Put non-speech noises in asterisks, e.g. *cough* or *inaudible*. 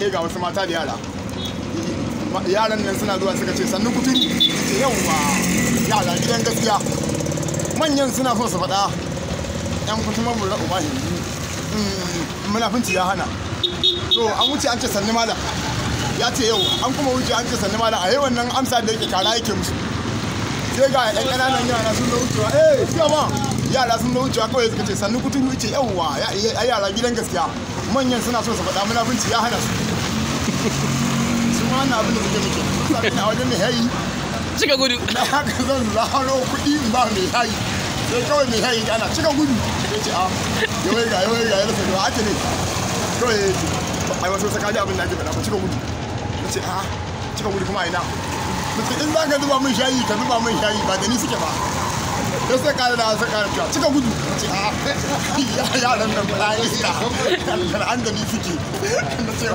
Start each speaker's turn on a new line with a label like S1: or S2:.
S1: E, ga wasu mata da yara yaran nan suna zuwa suka ce sannu kuturu ce yauwa yara gidan gaskiya manyan suna so su faɗa yan kutumar mura mm, muna finci ya hana so an wuce an ce sannu malam ya ce yau an kuma wuce an ce sannu malam a yi wannan amsa da yake kara yake musu sai eh, yara sun zo wucewa kawai suka ce sannu yawwa ya yara gidan gaskiya manyan suna so su faɗa ya hana su *laughs* su ma abin da suke muke sakin a wajen mai yayi cika gudu *laughs* na haka zan zaro kuɗi in ba mai sai kawai mai ana cika gudu ya ce a ah, yawai ga yawai ga yawai ga ne kawai ya ce ai wasu abin da ake faɗa ba cika gudu ya ce a ah, cika gudu kuma a ina in za ka zuba min shayi ka zuba min shayi ba da ni suke ba ya sai kare da sai kare ta cika gudu ya yaran nan ba ya yi da an da ni suke